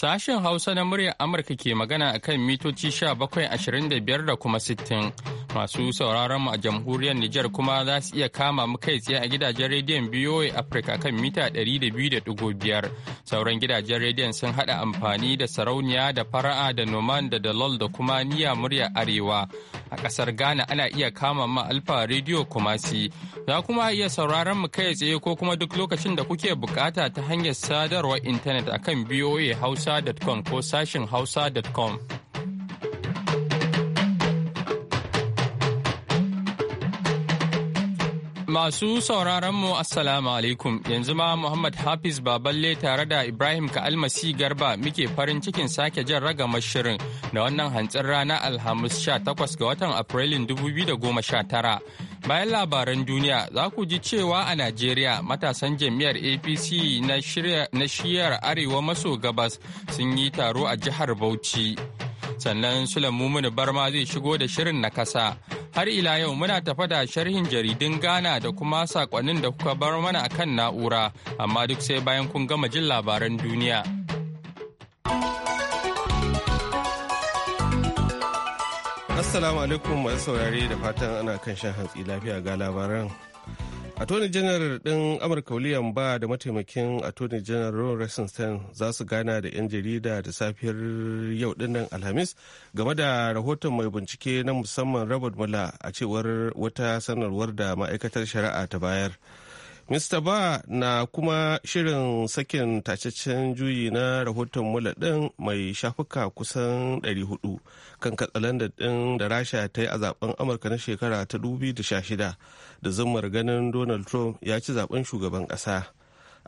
Sashen Hausa na muryar Amurka ke magana a kan mitoci 1725 da kuma sittin Masu sauraron mu a jamhuriyar Nijar kuma za su iya kama mu kai tsaye a gidajen rediyon BOA Africa kan mita ɗari da da biyar Sauran gidajen rediyon sun haɗa amfani da sarauniya da fara'a da noman da dalol da kuma niya murya Arewa. A kasar Ghana ana iya kama ma Alfa Radio Kumasi. Za kuma iya sauraron mu kai tsaye ko kuma duk lokacin da kuke bukata ta hanyar sadarwar intanet akan BOA Hausa hausa.com ko sashin hausa.com. Masu sauraronmu Assalamu alaikum yanzu ma Muhammad Hafiz Baballe tare da Ibrahim Ka'almasi Garba muke farin cikin sake jan ragamar shirin da wannan hantsin rana Alhamis 18 ga watan Afrilun 2019. Bayan labaran duniya za ku ji cewa a Najeriya matasan jami'ar APC na shiyar arewa maso gabas sun yi taro a jihar Bauchi. Sannan Sulan Mumunu Barma zai shigo da shirin na kasa. Har ila yau muna tafa da sharhin jaridun Ghana da kuma sakonnin da kuka bar mana akan na'ura, amma duk sai bayan kun gama jin labaran duniya. Assalamu alaikum masu saurare da fatan ana kan shan hantsi lafiya ga labaran. Attorney General ɗin Amurka William ba da mataimakin Attorney General Ron Rosenstein za su gana da 'yan jarida da safiyar yau dinnan Alhamis game da rahoton mai bincike na musamman Robert Mueller a cewar wata sanarwar da ma'aikatar shari'a ta bayar. Mr. Ba na kuma shirin sakin tacaccen juyi na rahoton mula mai shafuka kusan 400 kan da ɗin da Rasha ta yi a zaben Amurka na shekara ta 2016 da zumar ganin Donald Trump ya ci zaben shugaban ƙasa.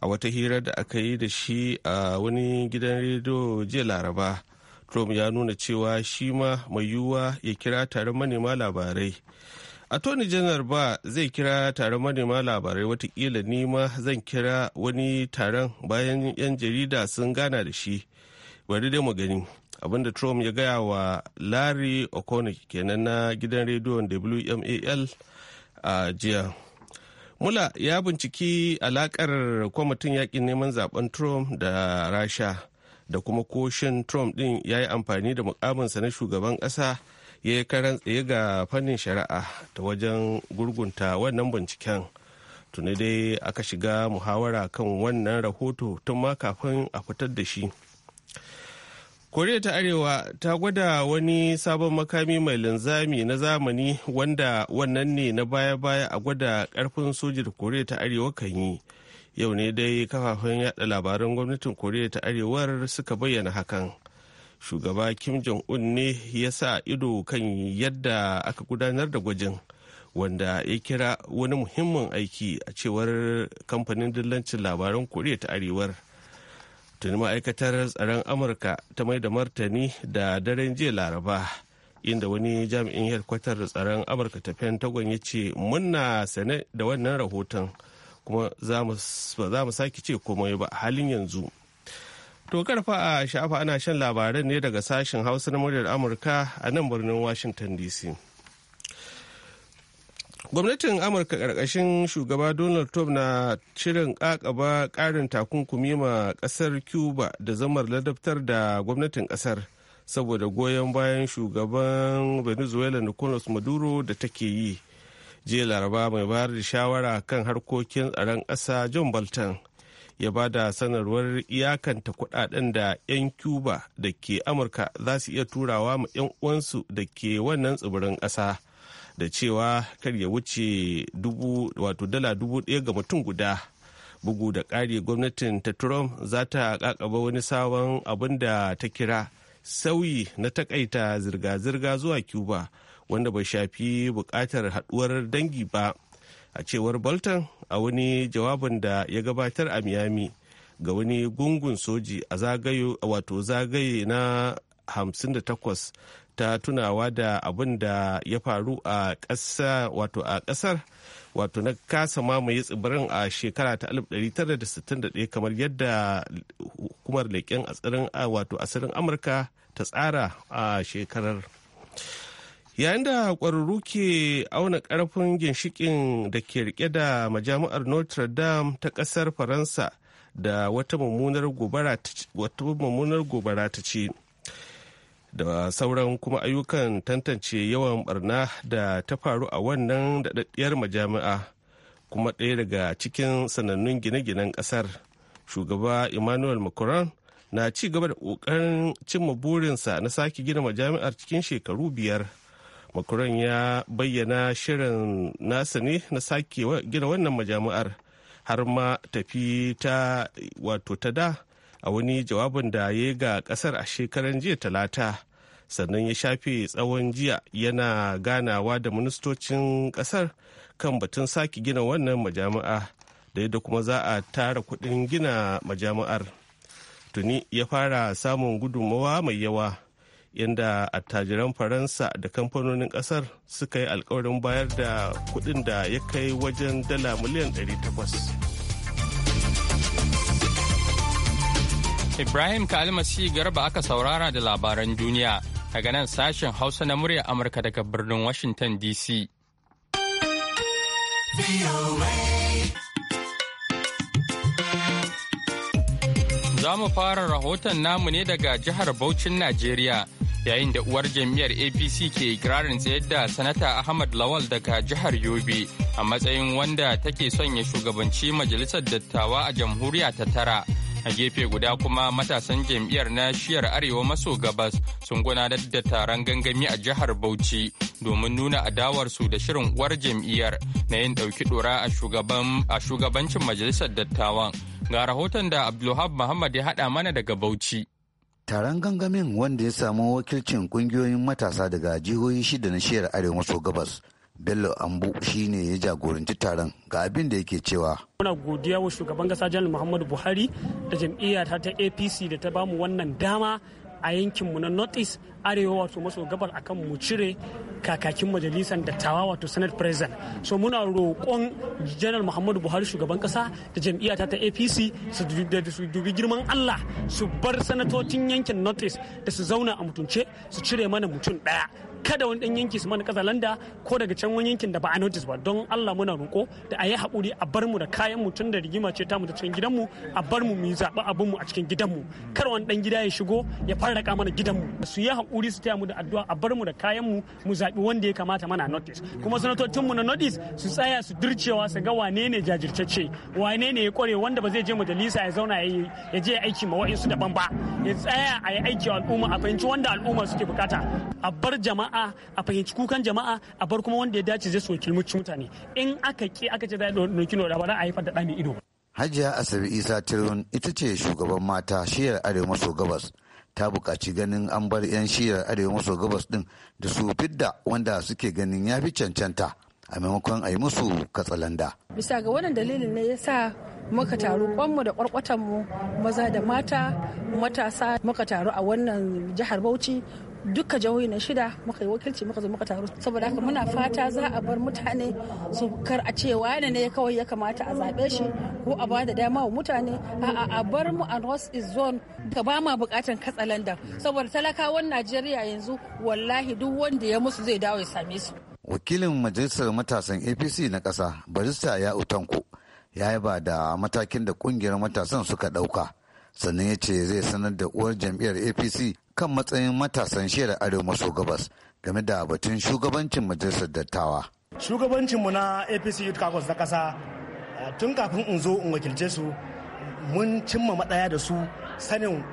A wata hira da aka yi da shi a wani gidan rediyo jiya Laraba, Trump ya nuna cewa shi ma mai yiwuwa ya kira taron manema labarai. attorney janar ba zai kira taron manema labarai watakila nima zan kira wani taron bayan 'yan jarida sun gana da shi bari dai mu gani abinda trump ya gaya wa larry o'connor kenan na gidan rediyon wmal a jiya mula ya binciki alakar kwamitin yakin neman zaben trump da rasha da kuma koshin trump din ya yi amfani da mukaminsa na shugaban ƙasa ya yi karan tsaye ga fannin shari'a ta wajen gurgunta wannan binciken tuni dai aka shiga muhawara kan wannan rahoto tun ma kafin a fitar da shi koriya ta arewa ta gwada wani sabon makami mai linzami na zamani wanda wannan ne na baya-baya a gwada karfin soji da koriya ta arewa kan yi yau ne dai kafafen yada labaran gwamnatin koriya ta arewar suka bayyana hakan shugaba kim jong-un ne ya sa ido kan yadda aka gudanar da gwajin wanda ya kira wani muhimmin aiki a cewar kamfanin dillancin labaran koriya ta arewar tuni ma'aikatar tsaron amurka ta mai da martani da daren jiya laraba inda wani jami'in hedkwatar tsaron amurka ta pentagon ya ce muna sane da wannan rahoton kuma za mu sake ce komai ba halin yanzu To karfa a sha'afa ana shan labaran ne daga sashen Hausa na muryar Amurka a nan birnin Washington DC. Gwamnatin Amurka ƙarƙashin shugaba Donald Trump na shirin ƙaƙaba ƙarin takunkumi ma ƙasar Cuba da zamar ladabtar da gwamnatin ƙasar saboda goyon bayan shugaban Venezuela Nicolas Maduro da take yi. Jiya Laraba mai bayar da shawara kan harkokin tsaron ƙasa John Bolton. ya ba da sanarwar iyakanta kudaden da 'yan cuba da ke amurka za su iya turawa ma 'yan uwansu da ke wannan tsibirin ƙasa da cewa kar ya wuce wato dala dubu ɗaya ga mutum guda bugu da ƙari gwamnatin ta trump za ta kakaba wani sabon abin da ta kira sauyi na takaita zirga-zirga zuwa cuba wanda bai shafi buƙatar haɗuwar dangi ba a cewar bolton a wani jawabin da ya gabatar a miami ga wani gungun soji a zagayo wato zagaye na 58 ta tunawa da abin da ya faru a ƙasa wato a ƙasar wato na kasa mamaye tsibirin a shekara ta 1961 kamar yadda hukumar leƙen asirin wato asirin amurka ta tsara a shekarar yayin da ƙwararru ke auna ƙarfin ginshikin da ke rike da majami'ar notre dame ta ƙasar faransa da wata mummunar gobara ta ce, da sauran kuma ayyukan tantance yawan barna da ta faru a wannan daɗaɗɗiyar majami'a kuma ɗaya daga cikin sanannun gine-ginen ƙasar shugaba emmanuel macron na ci gaba da ƙoƙarin cimma burinsa na sake gina majami'ar cikin shekaru biyar Makuran ya bayyana shirin nasa ne na sake gina wannan majami'ar har ma tafi ta wato ta da a wani jawabin da ya ga kasar a shekaran jiya talata sannan ya shafe tsawon jiya yana ganawa da ministocin kasar kan batun sake gina wannan majami'a da yadda kuma za a tara kudin gina majami'ar tuni ya fara samun gudunmawa mai yawa inda attajiran faransa da kamfanonin kasar suka yi alkawarin bayar da kudin da ya kai wajen dala miliyan 800 ibrahim kalmasi garba aka saurara da labaran duniya daga nan sashen hausa na murya amurka daga birnin washington dc Za mu fara rahoton namu ne daga jihar Bauchin Najeriya yayin da uwar jam'iyyar apc ke ikirarin tsayar da sanata ahmad lawal daga jihar yobe a matsayin wanda take son ya shugabanci majalisar dattawa a jamhuriya ta tara a gefe guda kuma matasan jam'iyyar na shiyar arewa maso gabas sun gudanar da taron gangami a jihar bauchi domin nuna adawarsu da shirin uwar jam'iyyar na yin ɗauki ɗora a shugabancin majalisar dattawan ga rahoton da abdulhab muhammad ya haɗa mana daga bauchi taron gangamin wanda ya samu wakilcin kungiyoyin matasa daga jihohi shida na shiyar arewa maso gabas bello ambu shine ya jagoranci taron ga abin da yake cewa muna godiya wa shugaban kasa janar muhammadu buhari da jam'iyya ta apc da ta bamu wannan dama a yankinmu na northeast arewa wato maso gabar akan mu cire kakakin majalisar dattawa wato senate president so muna roƙon general muhammadu buhari shugaban kasa da jam'iyya ta apc su dubi girman allah su bar sanatocin yankin northeast da su zauna a mutunce su cire mana mutum daya. kada wani dan yanki su mana kazalanda ko daga can wani yankin da ba a notice ba don Allah muna roko da a yi haƙuri a bar mu da kayan mu tun da rigima ce ta mu ta cikin gidanmu a bar mu mu yi zaɓi abin mu a cikin gidanmu kar wani dan gida ya shigo ya farraka mana gidanmu su yi haƙuri su taya mu da addu'a a bar mu da kayan mu mu zaɓi wanda ya kamata mana notice kuma sanatocin mu na notice su tsaya su dircewa su ga wane ne jajirtacce wane ne ya kware wanda ba zai je majalisa ya zauna ya ya je aiki ma wa'insu daban ba ya tsaya a yi aiki al'umma a fahimci wanda al'umma suke bukata a bar jama'a jama'a a fahimci kukan jama'a a bar kuma wanda ya dace zai soki mutane in aka ki aka ce za a ɗauki ba za a haifar da ido. Hajiya asabi Isa Tirun ita ce shugaban mata shiyar Arewa maso gabas ta buƙaci ganin an bar 'yan shiyar Arewa maso gabas din da su fidda wanda suke ganin ya fi cancanta a maimakon a yi musu katsalanda. Bisa ga wannan dalilin ne ya sa muka taru kwanmu da kwarkwatanmu maza da mata matasa muka taru a wannan jihar Bauchi duka jihohi na shida muka yi wakilci muka zo muka taru saboda haka muna fata za a bar mutane su kar a ce wane ne kawai ya kamata a zaɓe shi ko a bada dama wa mutane a a bar mu a north east zone da ba ma bukatan katsalandan saboda talakawan najeriya yanzu wallahi duk wanda ya musu zai dawo ya same su wakilin majalisar matasan apc na kasa barista ya utanku ya yaba da matakin da kungiyar matasan suka ɗauka sannan ya ce zai sanar da uwar jam'iyyar apc kan matsayin matasan shiyar arewa maso gabas game da batun shugabancin majalisar dattawa shugabancinmu na apc youth caucus na kasa tun kafin in zo in wakilce su mun cimma matsaya da su sanin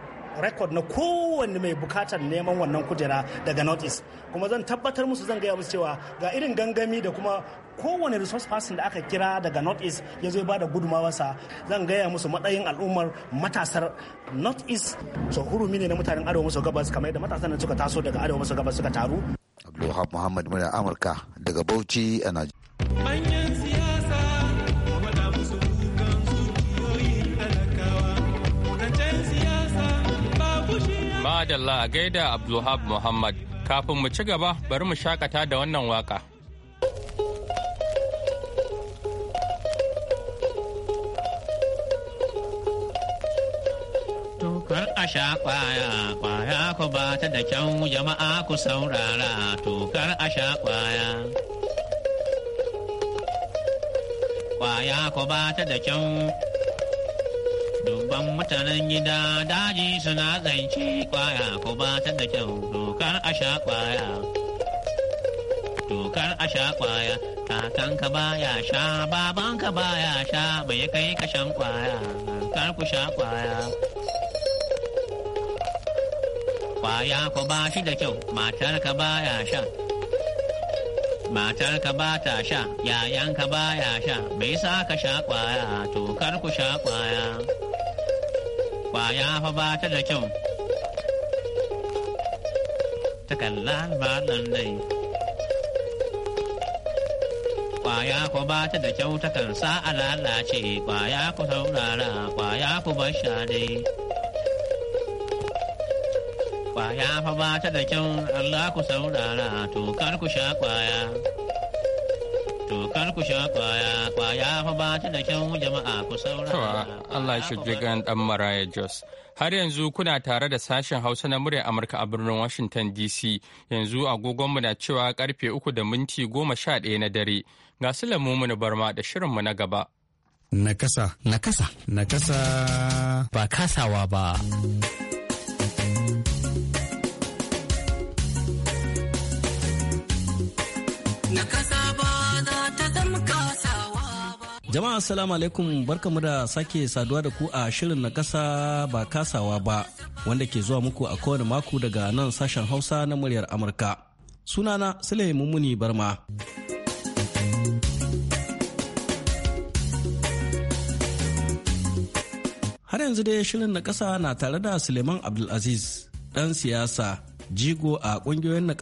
rekod na kowanne mai bukatar neman wannan kujera daga northeast kuma zan tabbatar musu zan gaya musu cewa ga irin gangami da kuma kowane resource person da aka kira daga north east ya zo ba da gudumawarsa zan gaya musu matsayin al'ummar matasar north east so hurumi ne na mutanen arewa maso gabas kamar yadda matasan suka taso daga arewa maso gabas suka taru abdulwahab muhammad muna amurka daga bauchi a najeriya Madalla a gaida Abdulhab Muhammad. Kafin mu ci gaba, bari mu shakata da wannan waka. Kar a sha kwaya, kwaya ku ba ta da kyau jama'a ku saurara tokar a sha kwaya. Kwaya ku ba ta da kyau. Dubban mutanen gida daji suna zance kwaya ku ba ta da kyau dokar a sha kwaya. Dokar a sha kwaya, kakanka ba ya sha, babanka ba ya sha, bai kai kashan kwaya, kar ku sha kwaya. kwaya ko ba shi da kyau matar ka baya sha matar ka ba ta sha yayan ka baya sha bai sa ka sha kwaya to kar ku sha kwaya kwaya fa ba ta da kyau ta kalla ba nan dai kwaya ku ba ta da kyau ta kan sa a lalace kwaya ku saurara kwaya ku bar sha dai kwaya fa ba ta da kyau Allah ku saurara to kar ku sha kwaya. To kar ku sha kwaya kwaya fa ba ta da kyau jama'a ku saurara. Allah shi jigan dan Maraya Jos. Har yanzu kuna tare da sashen Hausa na muryar Amurka a birnin Washington DC yanzu agogonmu na cewa karfe uku da minti goma sha ɗaya na dare. Ga su na barma da shirinmu na gaba. Nakasa. Nakasa. Nakasa. Ba kasawa ba. Jama'a assalamu alaikum barkamu da sake saduwa da ku a shirin na kasa ba kasawa ba wanda ke zuwa muku a kowane mako daga nan sashen Hausa na muryar Amurka. Sunana Sule Mummuni Barma. Har yanzu dai shirin na kasa na tare da Suleiman Abdulaziz, ɗan siyasa, jigo a ƙungiyoyin na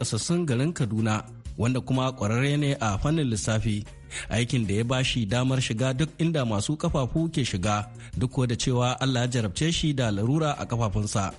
garin Kaduna. wanda kuma kwararre ne a fannin lissafi aikin da ya ba shi damar shiga duk inda masu kafafu ke shiga duk da cewa Allah ya jarabce shi da larura a kafafunsa.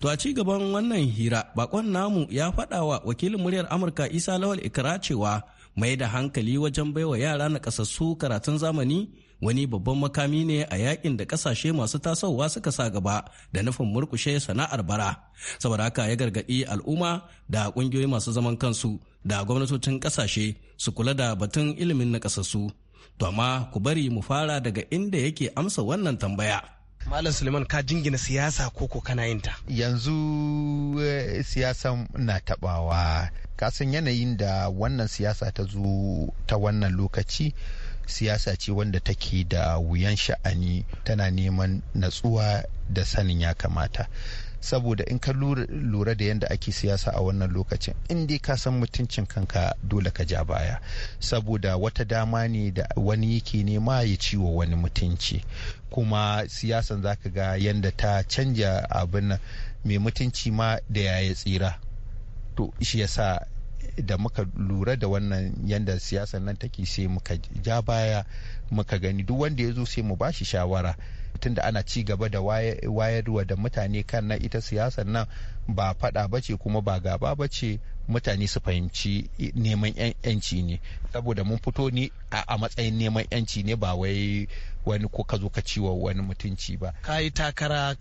To a ci gaban wannan hira bakon namu ya faɗa wa wakilin muryar Amurka Isa Lawal Ikra cewa mai da hankali wajen baiwa yara na kasassu karatun zamani wani babban makami ne a yakin da kasashe masu tasowa suka sa gaba da nufin murkushe sana'ar bara saboda haka ya gargaɗi al'umma da ƙungiyoyi masu zaman kansu da gwamnatocin kasashe su kula da batun ilimin na kasassu to amma ku bari mu fara daga inda yake amsa wannan tambaya Malam Suleiman ka jingina siyasa koko kana yin ta? Yanzu eh, siyasan na tabawa. Kasan yanayin da wannan siyasa ta zo ta wannan lokaci siyasa ce wanda take da wuyan sha'ani tana neman natsuwa da sanin ya kamata saboda in ka lura da yadda ake siyasa a wannan lokacin in dai ka san mutuncin kanka dole ka ja baya saboda wata dama ne da wani yake nema ya ciwo wani mutunci kuma siyasan zaka ga yadda ta canja abin mai mutunci ma da ya tsira to shi yasa da muka lura da wannan yadda siyasar nan take sai muka ja baya muka gani duk wanda ya zo sai mu bashi shawara da ana ci gaba da wayarwa da mutane kan na ita siyasar nan ba fada ce kuma ba gaba ba ce. mutane su fahimci neman yanci ne saboda mun fito ni a matsayin neman yanci ne ba wai wani ko ka zo ka ciwo wani mutunci ba ka yi takara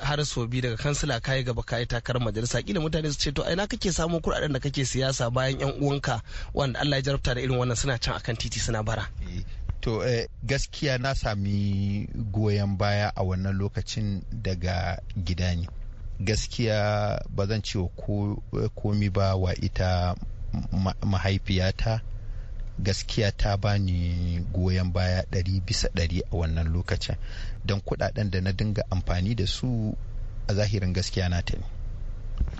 har so bi daga kansila ka yi gaba ka yi takarar majalisa kila mutane su ce to aina kake samu kuɗaɗen da kake siyasa bayan yan uwanka wanda Allah ya jarabta da irin wannan suna can akan titi suna bara eh, to eh, gaskiya na sami goyon baya a wannan lokacin daga gida ne gaskiya ba zan wa komi ba wa ita mahaifiyata gaskiya ta bani goyon baya ɗari bisa ɗari a wannan lokacin don kuɗaɗen da na dinga amfani da su a zahirin gaskiya na ta ne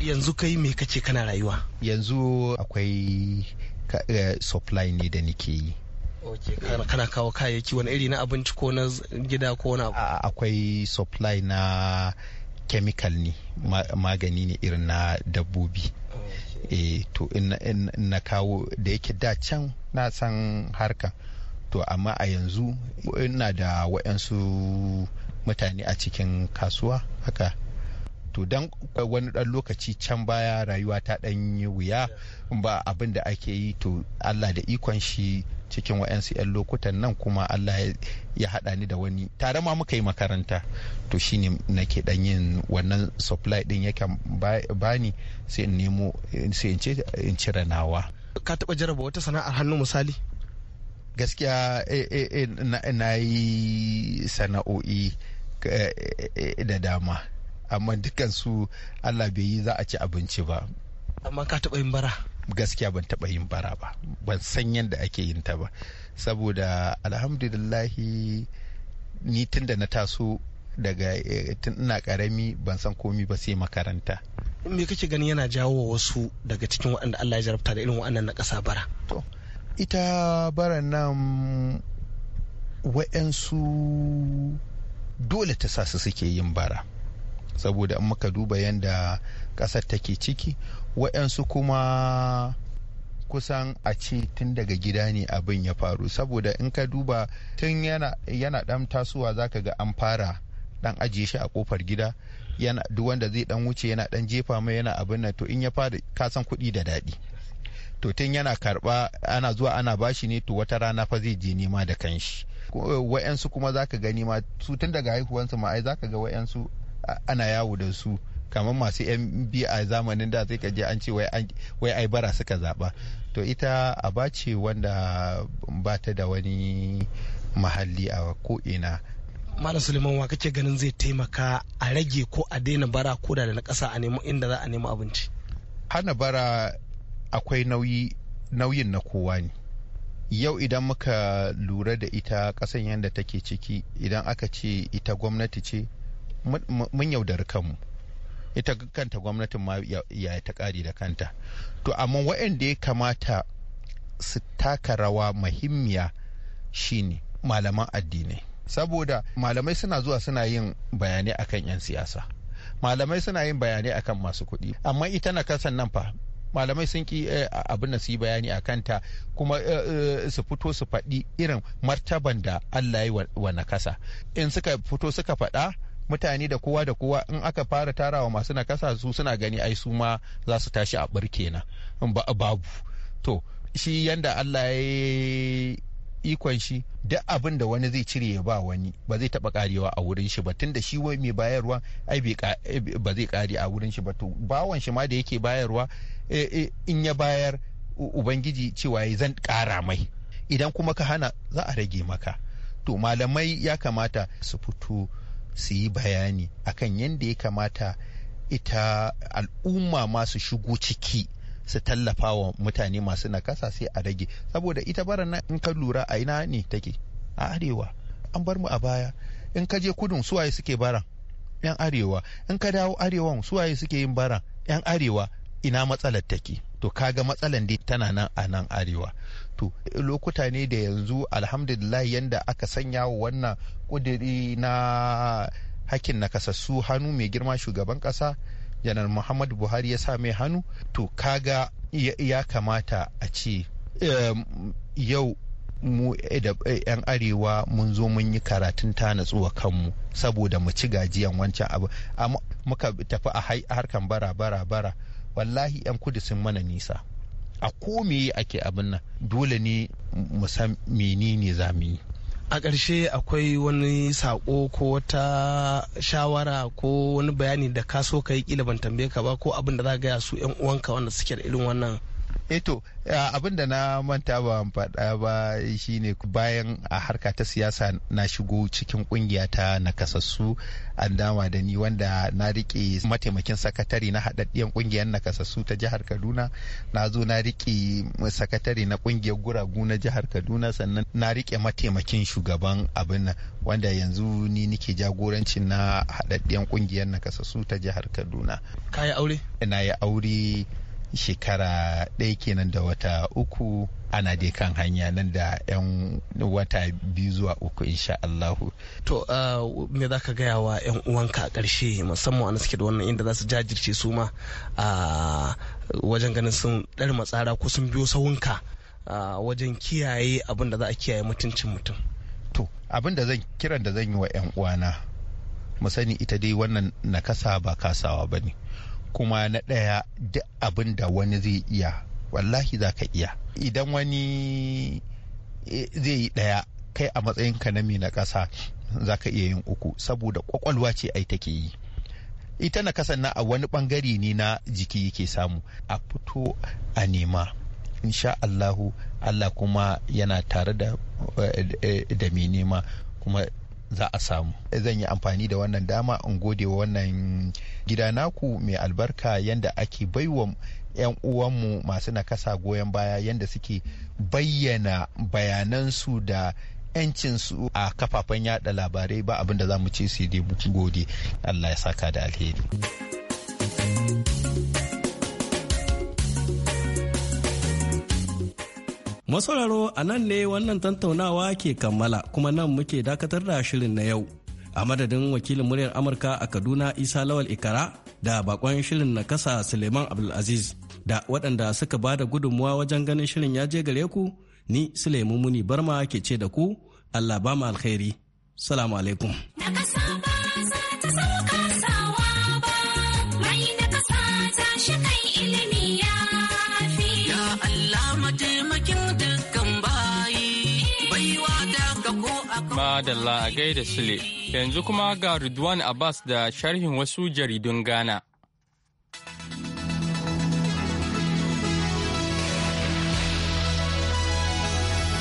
yanzu kai me kace kana rayuwa yanzu akwai eh, supply ne da nike yi okay. kana kawo kayayyaki wani iri na abinci ko na gida ko na akwai supply na chemical ne magani ne irin na dabbobi eh to in na kawo da yake da can na san harka to amma a yanzu ina da wayansu mutane a cikin kasuwa haka to dan wani dan lokaci can baya rayuwa ta dan yi wuya ba abin da ake yi to allah da ikon shi cikin wa'yansu 'yan lokutan nan kuma Allah ya haɗa ni da wani tare ma muka yi makaranta to shine nake dan yin wannan supply din yakan bani sai in nemo sai in cire nawa ka taɓa jaraba wata sana'ar hannu misali gaskiya eh, eh, eh, na yi sana'o'i da dama amma dukansu Allah bai yi za a ci abinci ba amma ka taɓa yin bara gaskiya ban taɓa yin bara ba ban san yadda ake yin ta ba saboda alhamdulillahi ni tun da na taso daga eh, tun ina karami ban san komi ba sai makaranta me kake gani yana jawo wa wasu daga cikin waɗanda Allah ya jarabta da irin waɗannan na ƙasa bara to ita bara nan wa'yansu dole ta sa su suke yin bara saboda in muka duba yadda kasar take ciki waɗansu kuma kusan a ce tun daga gida ne abin ya faru saboda in ka duba tun yana, yana ɗan tasowa zaka ga an fara ɗan ajiye shi a kofar gida yana duk wanda zai dan wuce yana dan jefa mai yana abin nan to in ya fara kasan kuɗi da daɗi to tun yana karɓa ana zuwa ana bashi ne to wata rana fa zai je nema da kanshi wa'yansu kuma za ka gani ma su tun daga haihuwansu ma ai zaka ga wa'yansu ana yawo da su kamar masu yan biyu a zamanin da zai kaje an ce wai ai bara suka zaba to ita a ce wanda ba ta da wani mahalli a ko'ina malam suleiman wa kake ganin zai taimaka a rage ko a daina bara ko da na ƙasa inda za a nemo abinci hana bara akwai nauyi nauyin na kowa ne yau idan muka lura da ita kasan yadda take ciki idan aka ce ita gwamnati ce mun yaudari kanmu ita kanta gwamnatin ma ya ta kari da kanta to amma waɗanda ya kamata su taka rawa muhimmiya shine malaman addinai saboda malamai suna zuwa suna yin bayanai akan 'yan siyasa malamai suna yin bayanai akan masu kuɗi amma ita na kasan nan fa malamai sun ki eh, abin da su yi bayani a kanta kuma eh, eh, su fito su faɗi irin martaban da Allah yi wa kasa in suka fito suka faɗa mutane da kowa da kowa in aka fara tarawa masu nakasa su suna gani ai su ma za su tashi a na ba babu to shi yanda Allah ya ikon shi duk abin da wani zai cire ya ba wani ba zai taba karewa a wurin shi ba tunda shi wai mai bayarwa ai ba zai kare a wurin shi ba to bawan shi ma da yake bayarwa e, e, in ya bayar ubangiji cewa ya zan kara mai idan kuma ka hana za a rage maka to malamai ya kamata su fito su yi bayani akan yadda ya kamata ita al'umma masu shigo ciki su tallafa wa mutane masu nakasa sai a rage saboda ita bara nan in ka lura a ina ne take a arewa an bar mu a baya in ka je kudun suwaye suke baran yan arewa in ka dawo arewan suwaye suke yin baran yan arewa ina matsalar take to kaga matsalar dai tana nan a nan arewa to lokuta ne da yanzu alhamdulillah yanda aka sanya wa wannan kudiri na hakkin nakasassu hannu mai girma shugaban kasa janar muhammadu buhari ya sa mai hannu to kaga ya kamata a ce eh, yau mu eh, da 'yan eh, arewa mun zo mun yi karatun ta natsuwa kanmu saboda mu ci gajiyan wancan abu muka tafi a harkan bara bara bara wallahi 'yan kudu sun mana nisa a ko ake abin nan dole ne mu san menene za yi a ƙarshe akwai wani sako ko wata shawara ko wani bayani da ka so ka yi ƙila ban tambaye ka ba ko abin da za gaya su yan uwanka wanda suke da irin wannan eto eh eh, abin da na manta ba faɗa ba shine bayan a harka ta siyasa na shigo cikin kungiya ta nakasassu an dama da ni wanda na rike mataimakin sakatare na haɗaɗɗiyar kungiyar nakasassu ta jihar kaduna na zo na rike sakatare na kungiyar guragu na jihar kaduna sannan na rike mataimakin shugaban abin nan wanda yanzu ni nike jagoranci na haɗaɗɗiyar kungiyar nakasassu ta jihar kaduna ka yi aure na yi aure shekara ɗaya kenan da wata uku ana dai kan hanya nan da 'yan wata biyu zuwa uku insha Allahu. To uh, me za ka gaya wa 'yan uwanka a ƙarshe musamman wanda suke da wannan inda za su jajirce su ma a uh, wajen ganin sun ɗari matsara ko sun biyo sawunka uh, wajen kiyaye abin da za a kiyaye mutuncin mutum. To abin da zan kiran da zan yi wa 'yan uwana mu sani ita dai wannan nakasa ba kasawa ba ne. kuma na ɗaya duk abin da wani zai iya wallahi za ka iya idan wani e, zai yi ɗaya kai a matsayinka na mai na ƙasa za ka iya yin uku saboda ƙwaƙwalwa ce ai take yi ita na kasan na a wani bangare ne na jiki yake samu a fito a nema insha Allahu Allah kuma yana tare da e, e, mai nema kuma za a samu. Zan yi amfani da wannan dama in gode wa wannan gida naku mai albarka yanda ake baiwa 'yan uwanmu masu nakasa goyon baya yanda suke bayyana bayanansu da 'yancinsu a kafafen yada labarai ba abin da za mu ce sai dai gode Allah ya saka da alheri. Masauraro a nan ne wannan tantaunawa ke kammala kuma nan muke dakatar da shirin na yau. A madadin wakilin muryar Amurka a Kaduna Isa Lawal Ikara da bakon shirin na kasa Suleiman Abdulaziz da waɗanda suka ba da gudunmuwa wajen ganin shirin ya je gare ku ni Suleiman Muni Barma ke ce da ku Allah ba mu alkhairi. Salamu alaikum. Abdallah a gaida Sule, yanzu kuma ga Ridwan Abbas da sharhin wasu jaridun Ghana.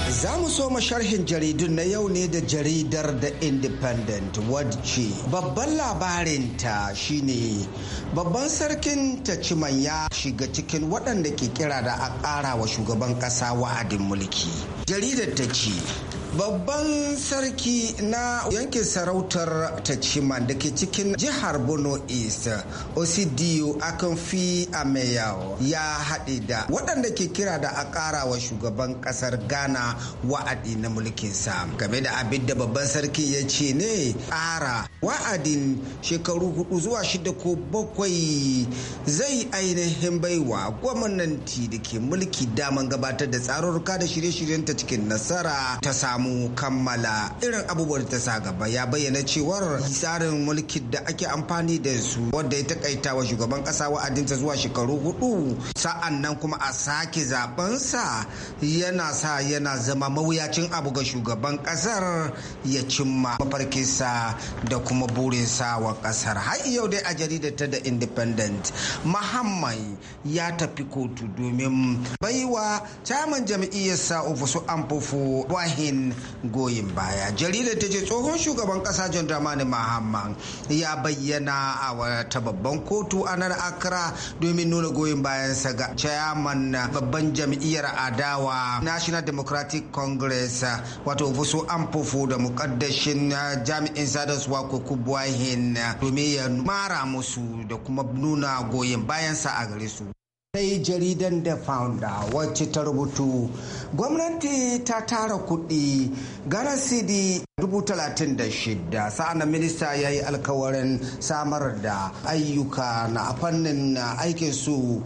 Za mu so sharhin jaridun na yau ne da jaridar da Independent wacce babban labarinta shine babban sarkin ciman ya shiga cikin waɗanda ke kira da a ƙara wa shugaban ƙasa wa'adin mulki. Jaridar ta ce, Babban sarki na yankin sarautar Tachiman da ke cikin jihar Borno East, akan fi Ameyao ya haɗe da waɗanda ke kira da a ƙara wa shugaban ƙasar Ghana wa'adi na mulkin mulkinsa. Game da abin da babban sarki ya ce ne ƙara wa'adin shekaru hudu zuwa shida ko bakwai zai ainihin baiwa gwamnati da ke mulki daman gabatar da tsarurruka da shirye-shiryenta cikin nasara ta samu. samu kammala irin abubuwan ta sa gaba ya bayyana cewar tsarin mulkin da ake amfani da su wadda ya takaita wa shugaban kasa wa'adinta zuwa shekaru hudu sa'an nan kuma a sake zabensa yana sa yana zama mawuyacin abu ga shugaban kasar ya cimma mafarkinsa da kuma burinsa wa kasar har yau dai a jaridar ta da independent muhammad ya tafi kotu domin baiwa caman jam'iyyar sa ofisu amfufu wahin goyin baya jaridar ta ce tsohon shugaban kasa john dramani mahamman ya bayyana a wata babban kotu a nan accra domin nuna goyin bayansa ga chairman babban jam'iyyar adawa national democratic congress wato vusu amfufu da mukaddashin jami'in sadarwa kukubuwahin domin ya mara musu da kuma nuna goyin bayansa a gare su sai jaridan da founder wacce ta rubutu gwamnati ta tara kuɗi gara sidi 36,000 sa'an minista ya yi alkawarin samar da ayyuka na fannin aikin su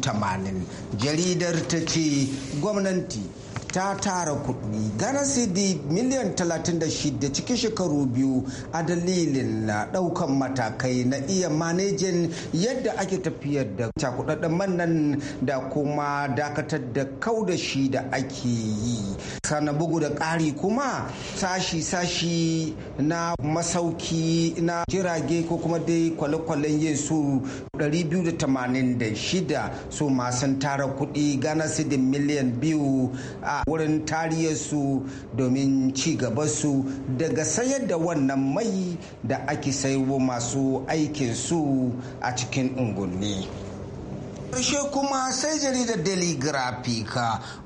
tamanin, jaridar ta ce gwamnati ta tara kuɗi gana cedi miliyan 36 cikin shekaru biyu a dalilin na ɗaukan matakai na iya manejin yadda ake tafiyar da cakudadden mannan da kuma dakatar da kau da shi da ake yi sana bugu da kari kuma sashi-sashi na masauki na jirage ko kuma dai kwale-kwalen yin su 286 su masan tara kuɗi gana sidin miliyan biyu a wurin tariyarsu domin ci gabansu daga sayar da wannan mai da ake sayo masu aikinsu a cikin unguwanni. karshe kuma sai jaridar daily graphic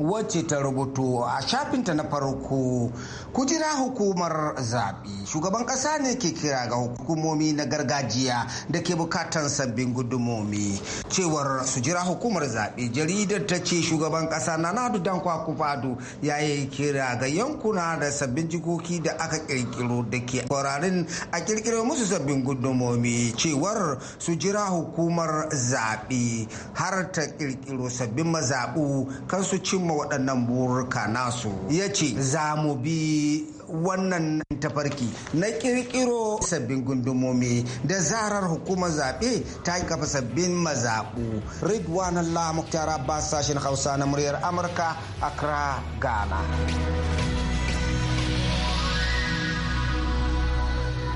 wacce ta rubuto a shafinta na farko kujira hukumar zaɓe shugaban ƙasa ne ke kira ga hukumomi na gargajiya da ke bukatan sabbin gudumomi cewar su jira hukumar zaɓe jaridar ta ce shugaban ƙasa na nadu dan kufado ya yi kira ga yankuna da sabbin jikoki da aka ƙirƙiro da ke kwararin a kirkiro musu sabbin gudumomi cewar su jira hukumar zaɓe har ta kirkiro sabbin mazaɓu kan su cimma waɗannan burka nasu ya ce za mu bi wannan tafarki na kirkiro sabbin gundumomi da zarar hukumar zaɓe ta yi kafa sabbin mazaɓu ridwan allah muktar sashen hausa na muryar amurka accra ghana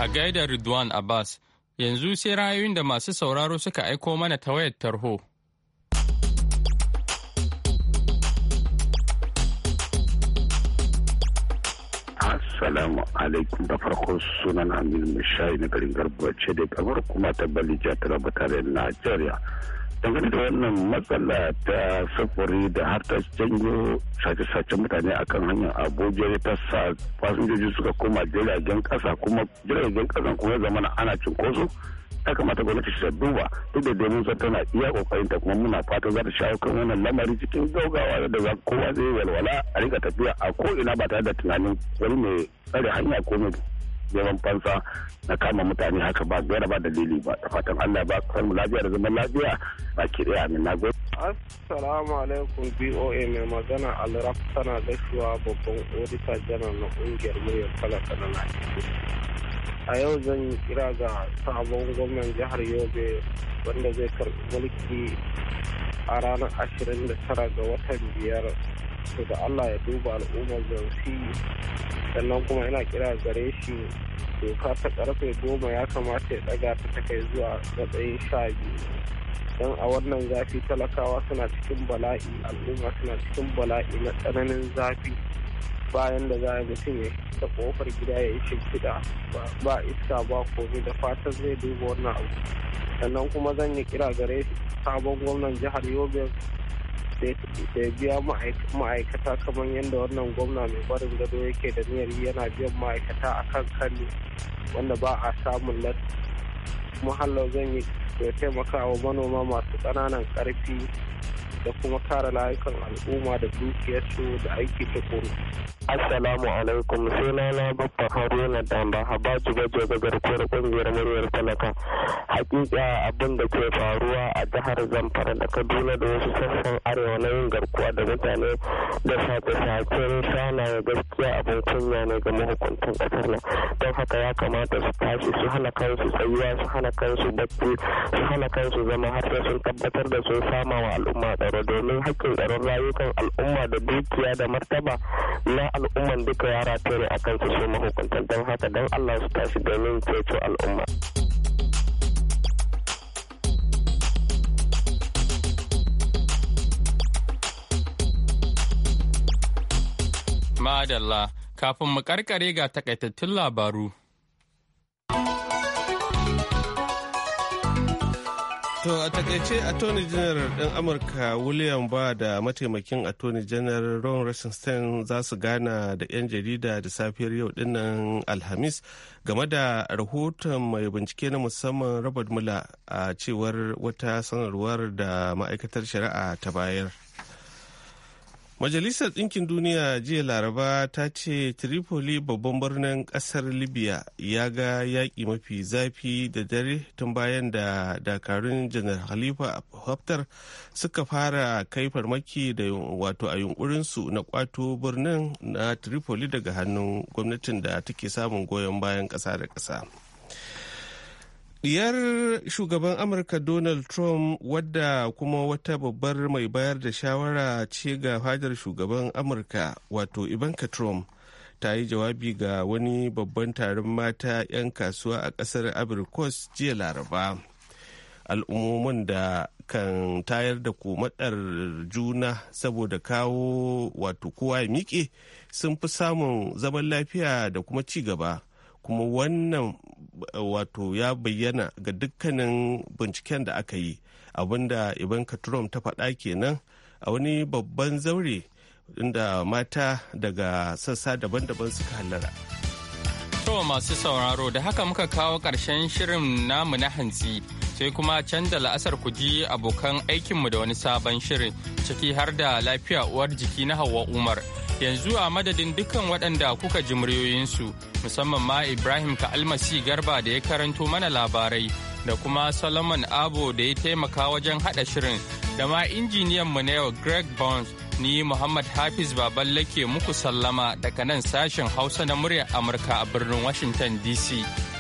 a gaida ridwan abbas yanzu sai ra'ayoyin da masu sauraro suka aiko mana ta wayar tarho salamu alaikum da farko sunan Aminu Mishayi na garin Garbace da kamar kuma ta Balija ta tare Najeriya. Dangane da wannan matsala ta sufuri da har ta janyo sace-sacen mutane akan hanyar Abuja ta sa fasinjoji suka koma jiragen kasa kuma jiragen kasa kuma zamana ana cinkoso. ta kamata gwamnati ta duba duk da dai mun san tana iya kokarin ta kuma muna fatan za ta shawo kan wannan lamari cikin gaugawa da za kowa zai walwala a rika tafiya a ko ina ba tare da tunanin wani mai tsare hanya ko mai neman fansa na kama mutane haka ba gaira ba dalili ba da fatan Allah ba kar lafiya da zaman lafiya ba ki da amin nagode assalamu alaikum BOA mai magana Alraf tana gaisuwa babban odita janar na kungiyar muryar kala na a yau zan kira ga sabon gwamnan jihar yobe wanda zai karbi mulki a ranar tara ga watan biyar to da allah ya duba al'ummar zansi sannan kuma yana kira gare shi doka ta karfe goma ya kamata ya daga ta ta kai zuwa matsayin sha biyu don a wannan zafi talakawa suna cikin bala'i al'umma suna cikin bala'i na tsananin zafi bayan da za a mutum ya da kofar gida ya yi ba iska ba komai da fatan zai duba wannan abu sannan kuma zan yi kira gare sabon gwamnan jihar yobe da ya biya ma'aikata kamar yadda wannan gwamna mai barin gado yake da niyyar yana biyan ma'aikata a kan kalli wanda ba a samun lat kuma zan yi da taimaka wa manoma masu ƙananan ƙarfi da kuma kare layukan al'umma da dukiyarsu da aiki tukuru. Assalamu alaikum sunana Baffa Haruna Damba Habaji Bajo ga garkuwar kungiyar muryar talaka. Hakika abin da ke faruwa a jihar Zamfara da Kaduna da wasu sassan arewa na yin garkuwa da mutane da sace-sacen ya gaskiya abin kunya ne ga mahukuntan kasar nan. Don haka ya kamata su tashi su hana kansu tsayuwa su hana kansu bacci su hana kansu zama har sun tabbatar da sun sama wa al'umma tsaro domin haƙƙin tsaron rayukan al'umma da dukiya da martaba na al'umman duka yara ta ne akan su so mahukuntan don haka don allah su tashi domin ceto al'umma. Madalla, kafin mu karkare ga takaitattun labaru. To a takaice Attorney General ɗin Amurka William ba da mataimakin Attorney General Ron Rosenstein za su gana da 'yan jarida da safiyar yau dinnan Alhamis game da rahoton mai bincike na musamman Robert Mueller a cewar wata sanarwar da ma'aikatar shari'a ta bayar. Majalisar Ɗinkin Duniya jiya Laraba ta ce Tripoli babban birnin ƙasar Libya ya ga yaƙi mafi zafi da dare tun bayan da dakarun janar Khalifa Haftar suka fara kai farmaki da wato a yunkurinsu na kwato birnin na Tripoli daga hannun gwamnatin da take samun goyon bayan ƙasa da ƙasa. Diyar shugaban Amurka Donald Trump wadda kuma wata babbar mai bayar da shawara ce ga fadar shugaban Amurka wato Ivanka Trump ta yi jawabi ga wani babban taron mata 'yan kasuwa a kasar Abirkos jiya Laraba. Al'ummomin da kan tayar da komadar juna saboda kawo wato kowa ya miƙe sun fi samun zaman lafiya da kuma ci gaba. kuma wannan eh, wato ya bayyana ga dukkanin binciken da aka yi abinda ivanka trump ta faɗa kenan a wani babban zaure inda mata daga sassa daban-daban suka hallara. To masu sauraro da haka muka kawo ƙarshen shirin namu na hantsi sai kuma canza la'asar ku ji abokan aikinmu da wani sabon shirin ciki har da lafiya uwar jiki na hawa Umar. Yanzu a madadin dukkan waɗanda kuka ji muryoyinsu musamman ma Ibrahim ka Almasi Garba da ya karanto mana labarai da kuma Solomon Abo da ya taimaka wajen haɗa shirin da ma injiniyan mu na yau Greg Bones ni Muhammad Hafiz Baballe ke muku sallama daga nan sashen Hausa na muryar Amurka a birnin Washington DC.